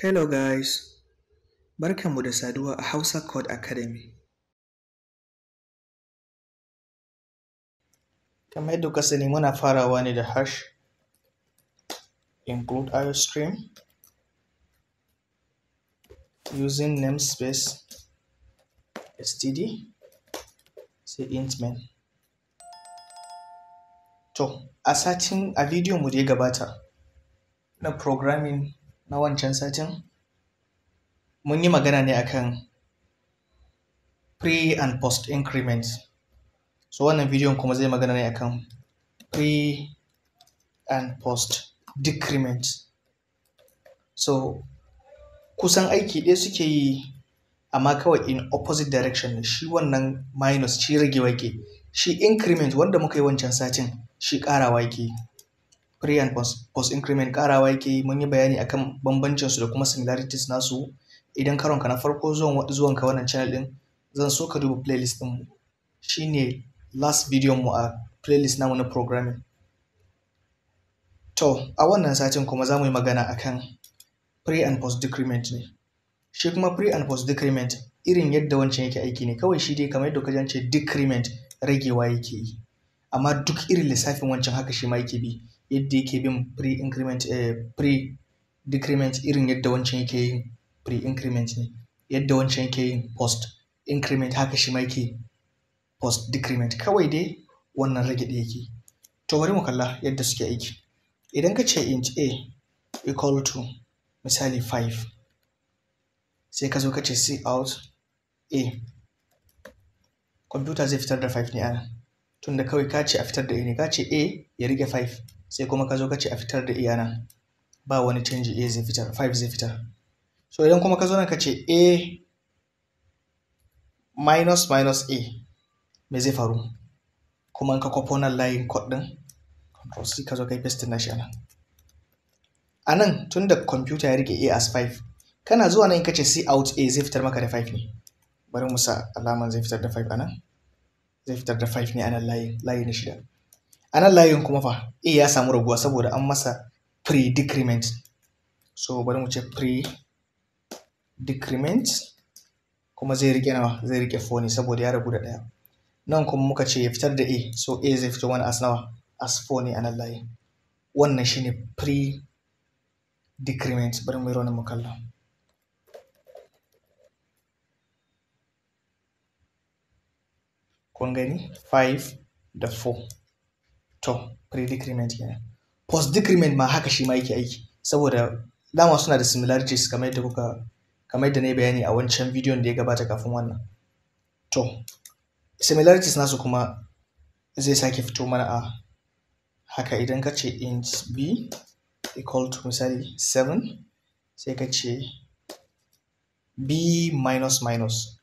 Hello guys, barkanmu da saduwa a Hausa Code Academy. Kamar yadda kuka sani muna farawa ne da hash include iostream using namespace std sai int main. To, a satin a bidiyon mu da ya gabata na programming na wancan satin mun yi magana ne akan pre and post increment so wannan bidiyon kuma zai magana ne akan pre and post decrement so kusan aiki ɗaya suke yi amma kawai in opposite direction shi wannan minus shi rage wake shi increment wanda muka yi wancan satin shi ƙara wake. pre and post increment karawa yake yi mun yi bayani akan bambancin su da kuma similarities nasu idan karon ka na farko zuwan zuwan ka wannan channel din zan so ka duba playlist din shine last video mu a playlist namu na programming to a wannan satin kuma za mu yi magana akan pre and post decrement ne shi kuma pre and post decrement irin yadda wancan yake aiki ne kawai shi dai kamar yadda kajan ce decrement ragewa yake yi amma duk irin lissafin wancan haka shi ma yake bi yadda yake bin pre increment eh, pre decrement irin yadda wancan yake yin pre increment ne yadda wancan yake yin post increment haka shi yake post decrement kawai dai wannan rage da yake to bari mu kalla yadda suke aiki idan ka ce inch a equal to misali 5 sai ka zo ka ce c out a kwamfuta zai fitar da 5 ne ana tunda kawai ka ce a fitar da a ne ka ce a ya rike 5 sai kuma ka zo ka ce a fitar da iya nan ba wani canji a zai fitar 5 zai fitar so idan kuma ka zo nan ka ce a minus minus a me zai faru kuma in ka kwafo nan layin kod din control c ka zo ka yi paste na shi a nan a nan tun da kwamfuta ya rike a as 5 kana zuwa nan ka ce c out a zai fitar maka da 5 ne bari mu sa alaman zai fitar da 5 a nan zai fitar da 5 ne a nan layin layi na shida a nan layin kuma fa a ya samu raguwa saboda an masa pre-decrement so bari mu ce pre-decrement kuma zai rike nawa zai rike 4 saboda ya ragu da ɗaya nan kuma muka ce ya fitar da a so a zai fito wani as nawa as 4 a nan layin wannan shine pre-decrement bari mu yi mu kallo. kun gani 5 da 4 to pre-decrement kenan post-decrement ma haka shi ma yake aiki saboda dama suna da similarities kamar yadda kuka kamar yadda na yi bayani a wancan bidiyon da ya gabata kafin wannan to similarities nasu kuma zai sake fito mana a haka idan ka ce int b equal to misali 7 sai ka ce b minus minus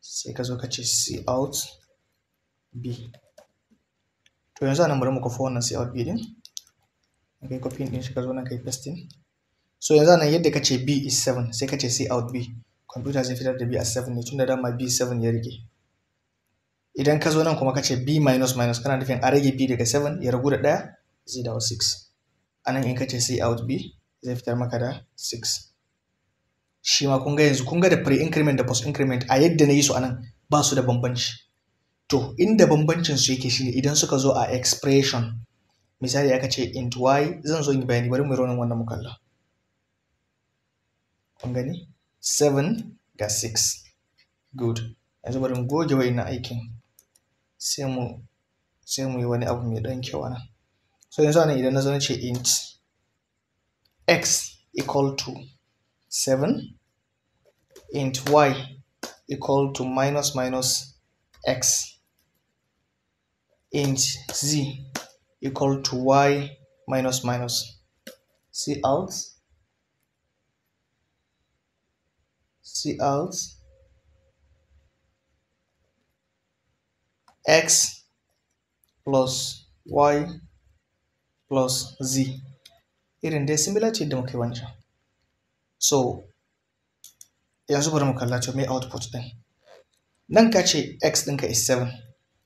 sai ka zo ka ce c out b to yanzu anan bari mu kwafi wannan CLB din kai copy din shi ka zo nan kai paste so yanzu anan yadda kace B is 7 sai kace ce C out B computer zai fitar da B as 7 ne tunda dama B 7 ya rike idan ka zo nan kuma kace B minus minus kana nufin a rage B daga 7 ya ragu da 1 zai dawo 6 anan in kace ce C out B zai fitar maka da 6 shi ma kun ga yanzu kun ga da pre increment da post increment a yadda na yi su anan ba su da bambanci to inda bambancin su yake shine idan suka zo a expression misali aka ce int y zan zo in bayani bari mu ronin wannan mukalla kun gani 7 ga 6 good yanzu bari mu goge na aikin sai mu sai mu yi wani abu mai dan kyau anan so yanzu anan idan na zo na ce int x equal to 7 int y equal to minus minus x int z equal to y minus minus c out c out x plus y plus z irin dai similar ce da muka yi wancan so yanzu bari mu kalla to me output din nan ka ce x ɗinka is 7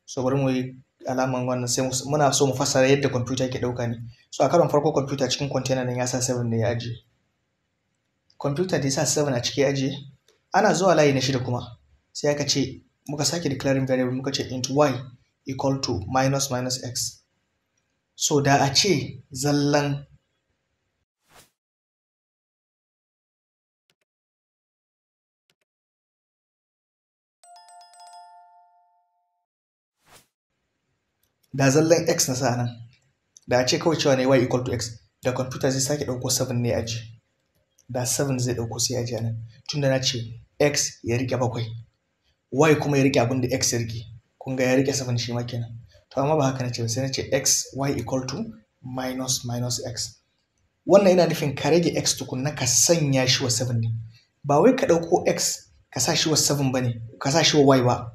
so bari mu yi alaman wannan sai muna so mu fassara yadda kwamfuta ke ɗauka ne so a karon farko kwamfuta cikin container nan ya sa 7 ne ya ajiye kwamfuta da ya sa 7 a ciki ya ajiye ana zuwa layi na shida kuma sai aka ce muka sake declaring variable muka ce int y equal to minus minus x so da a ce zallan da zallan x na sa nan da a ce kawai cewa ne y equal to x da computer zai sake ɗauko 7 ne a ji da 7 zai ɗauko sai a ji nan tunda na ce x ya rike bakwai y kuma ya rike abin da x ya rike kun ga ya rike 7 shi ma kenan to amma ba haka na ce sai na ce x y equal to minus minus x wannan yana nufin ka rage x na ka sanya shi wa 7 ne ba wai ka ɗauko x ka sa shi wa 7 ba ne ka sa shi wa y ba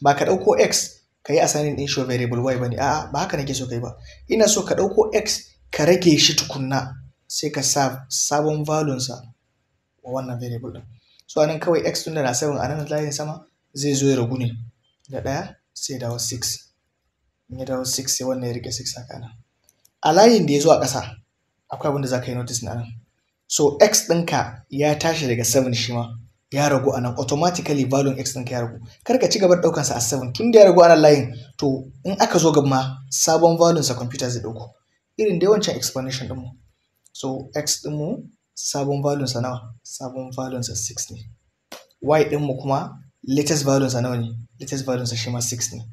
ba ka ɗauko x ka yi asanin din shi variable y bane a'a ba haka nake so kai ba ina so ka ɗauko x ka rage shi tukunna sai ka sa sabon value sa wa wannan variable din so anan kawai x tun da na 7 anan layin sama zai zo ya ragu ne da ɗaya sai dawo 6 in ya dawo 6 sai wannan ya rike 6 haka nan a layin da ya zo a ƙasa akwai abin da za ka yi notice na nan so x ɗinka ya tashi daga 7 shi ma ya ragu anan automatically value x ɗinka ya ragu kar ka ci gaba da sa a 7 tun da ya ragu anan layin to in aka zo gaba ma sabon value sa computer zai ɗauko irin da yawancin explanation ɗinmu so x ɗin mu sabon value sa nawa sabon value sa 6 ne y ɗin mu kuma latest value sa nawa ne latest value sa shi ma 6 ne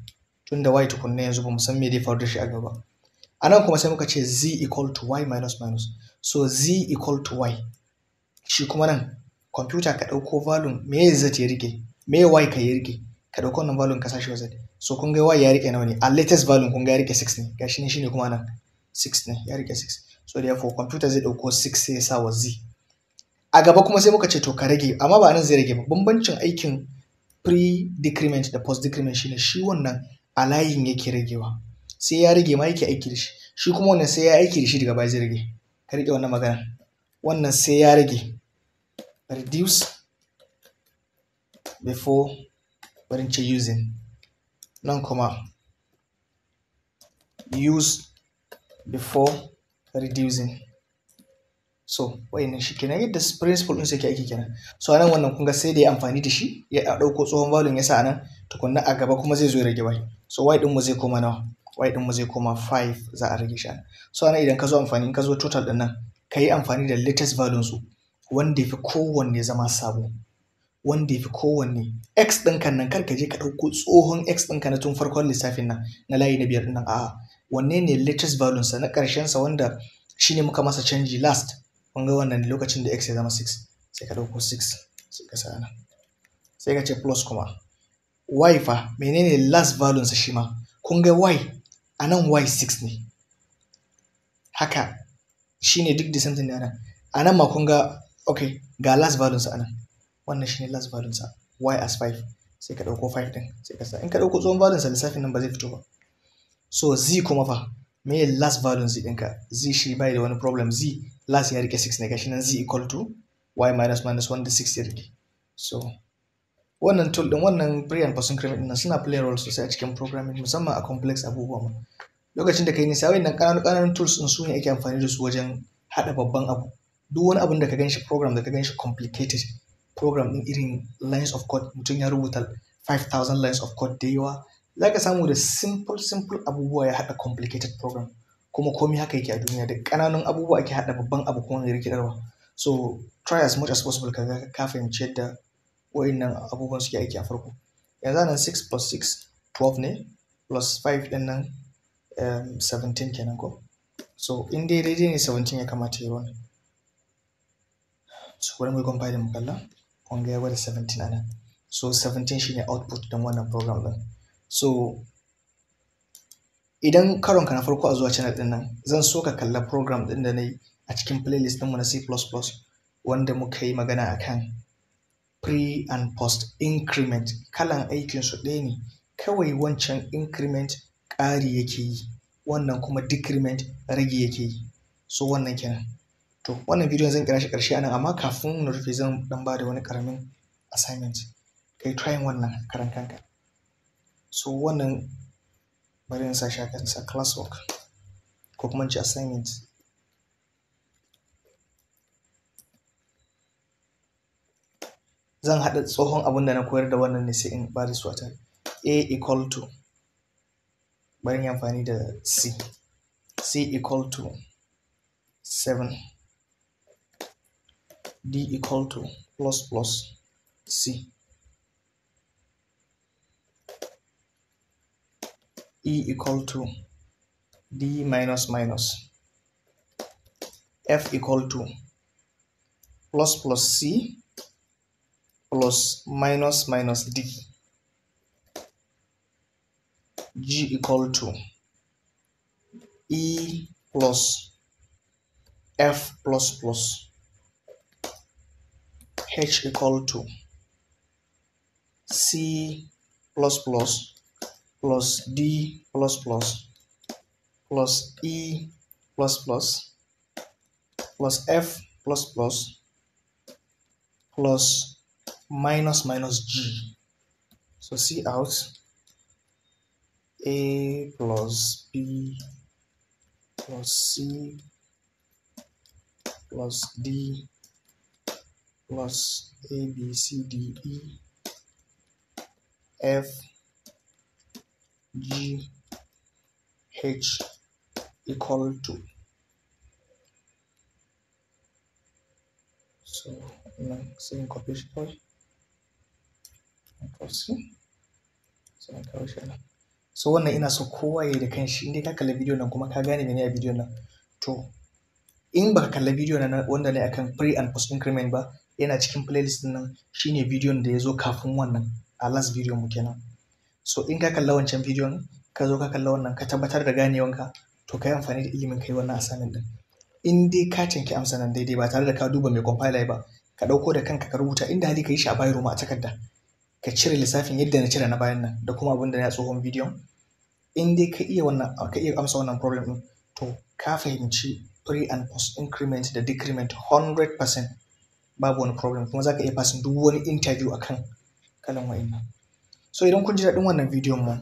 tun da y tukunna yanzu ba mu san me dai faru da shi a gaba anan kuma sai muka ce z equal to y minus minus so z equal to y shi kuma nan kwamfuta ka ɗauko valum me z ya rike me y ka ya rike ka ɗauko wannan valum ka sashi z so kun ga y ya rike nawa ne a latest valum kun ga ya rike 6 ne shi ne shi ne kuma nan 6 ne ya rike 6 so therefore kwamfuta zai ɗauko 6 sai ya sa wa z a gaba kuma sai muka ce to ka rage amma ba nan zai rage ba bambancin aikin pre-decrement da post-decrement shine shi wannan a layin yake ragewa sai ya rage ma yake aiki da shi shi kuma wannan sai ya aiki da shi daga baya zai rage ka rike wannan magana wannan sai ya rage reduce before when ce using nan comma use before reducing so wayannan shi kenan yadda principle ɗinsa ke ake kenan so anan wannan kun ga sai da ya amfani da shi ya ɗauko tsohon value ya sa anan tukunna a gaba kuma zai zo ya rage bai. so y ɗin mu zai koma nawa y ɗin mu zai koma 5 za a rage shi so anan idan ka zo amfani in ka zo total ɗin nan ka yi amfani da latest value su wanda ya fi kowanne zama sabo wanda ya fi kowanne x ɗinka nan kar ka je ka ɗauko tsohon x ɗinka na tun farkon lissafin nan na layi na biyar nan a'a wanne ne latest value sa na ƙarshen sa wanda shine muka masa canji last kun ga wannan lokacin da x ya zama 6 sai ka ɗauko 6 sai ka sa nan sai ka ce plus kuma y fa menene last value sa shi ma kun ga y a nan y 6 ne haka shine duk da ne a nan ma kun ga ok ga last value sa anan wannan shine last value sa y as 5 sai ka dauko 5 din sai ka sa in ka dauko tsohon value sa lissafin nan ba zai fito ba so z kuma fa me last value z ka z shi bai da wani problem z last ya rike 6 ne gashi nan z equal to y minus minus 1 da 6 ya rike so wannan tool din wannan brilliant and post increment din suna play role sosai a cikin programming musamman a complex abubuwa ma lokacin da kai nisa wayannan ƙananan ƙananan tools din su ne ake amfani da su wajen haɗa babban abu duk wani abin da ka ganshi program da ka ganshi complicated program din irin lines of code mutum ya rubuta 5000 lines of code da yawa za ka samu da simple simple abubuwa ya haɗa complicated program kuma komi haka yake a duniya da ƙananun abubuwa ake haɗa babban abu kuma mai rikidarwa so try as much as possible ka ka fahimci yadda wa'annan abubuwan suke aiki a farko yanzu nan 6 plus 6 12 ne plus 5 ɗin nan 17 um, kenan ko so in dai daidai ne 17 ya kamata ya yi wannan so mai mu compile mu kalla kun ga ya bada 17 anan so 17 shine output dan wannan program din so idan karonka na farko a zuwa channel din nan zan so ka kalla program din da nayi a cikin playlist mu na C++ wanda muka yi magana akan pre and post increment kalan aikin su ɗaya ne kawai wancan increment kari yake yi wannan kuma decrement rage yake yi so wannan kenan to wannan bidiyon zan kira shi ƙarshe anan amma kafin na rufe zan dan ba da wani ƙaramin assignment kai trying wannan karan kanka so wannan bari in sa shi sa class work ko kuma ci assignment zan haɗa tsohon abin da na koyar da wannan ne sai in ba da su a a equal to bari yi amfani da c c equal to 7 d equal to plus plus c e equal to d minus minus f equal to plus plus c plus minus minus d g equal to e plus f plus plus h equal to c plus plus plus d plus plus plus e plus plus plus f plus plus plus minus minus g so see out a plus b plus c plus d plus a b c d e f g h equal to so nan sai copy shi so wannan ina so kowa ya da kanshi inda ka kalli bidiyo nan kuma ka gane mene a bidiyo nan to in ba ka kalla bidiyo nan wanda ne akan pre and post increment ba yana cikin playlist din nan shine bidiyon da ya zo kafin wannan a last video mu kenan so in ka kalla wancan bidiyon ka zo ka kalla wannan ka tabbatar da ganewanka to ka yi amfani da ilimin kai wannan assignment din in dai ka canki amsa nan daidai ba tare da ka duba mai compiler ba ka ɗauko da kanka ka rubuta inda hali ka yi shi a bayro a takarda ka cire lissafin yadda na cire na bayan nan da kuma abin da na tsohon bidiyon in dai ka iya wannan ka iya amsa wannan problem din to ka fahimci pre and post increment da decrement 100% babu wani problem kuma za ka iya fasin duk wani interview akan kalan wayannan so idan kun ji daɗin wannan bidiyon mu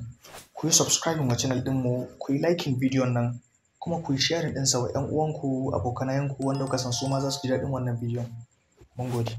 ku yi subscribing wa channel ɗin mu ku yi liking bidiyon nan kuma ku yi sharing ɗinsa wa 'yan uwanku abokanayenku wanda kuka san su ma za su ji daɗin wannan bidiyon mun gode